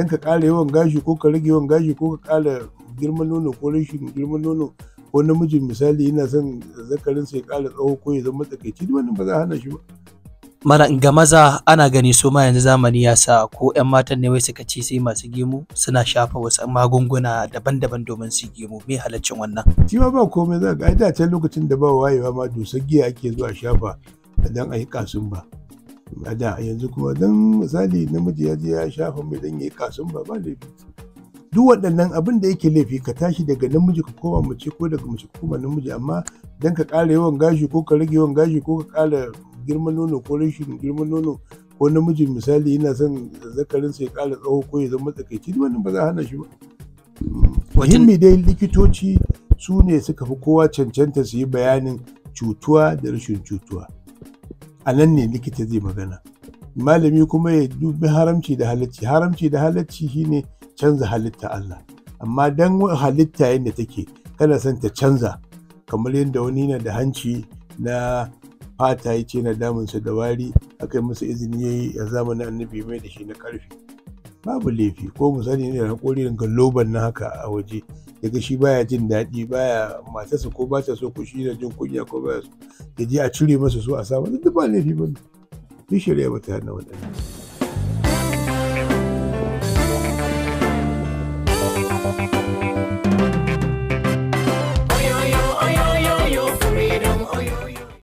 don ka ƙara yawan gashi ko ka rage yawan gashi ko ka ƙara girman nono ko rashin girman nono ko namiji misali yana son sa ya ƙara tsawo ko ya zama tsakaici duk wannan ba za a hana shi ba. mana ga maza ana gani su ma yanzu zamani ya sa ko 'yan matan ne wai suka ci sai masu gemu suna shafa wasu magunguna daban-daban domin su gemu me halaccin wannan shi ma ba komai za ga ai da can lokacin da ba wayewa ma dusar giya ake zuwa shafa dan a yi kasun ba a da yanzu kuma don misali namiji ya je ya shafa mai dan yayi kasun baba ba laifi duk waɗannan abin da yake laifi ka tashi daga namiji ka koma mace ko daga mace ka koma namiji amma dan ka ƙara yawan gashi ko ka rage yawan gashi ko ka ƙara girman nono ko rashin girman nono ko namiji misali yana son zakarin zakarinsa ya ƙara tsawo ko ya zama matsakaici duk wannan ba za hana shi ba muhimmi dai likitoci su ne suka fi kowa cancanta su yi bayanin cutuwa da rashin cutuwa a nan ne likita zai magana malami kuma ya dubi haramci da halacci haramci da halacci shine canza halitta Allah amma dan halitta yadda take kana son ta canza kamar yadda wani na da hanci na fata ya ce na damunsa da wari aka yi masa izini ya yi a zamanin annabi mai da shi na ƙarfi babu laifi ko mu sani ne da hakori ga loban na haka a waje daga shi baya jin daɗi baya matarsa ko ba ta so ku shi na jin kunya ko baya so ya je a cire masa so a samu duk ba laifi ba ne shi shari'a ba ta hannu waɗannan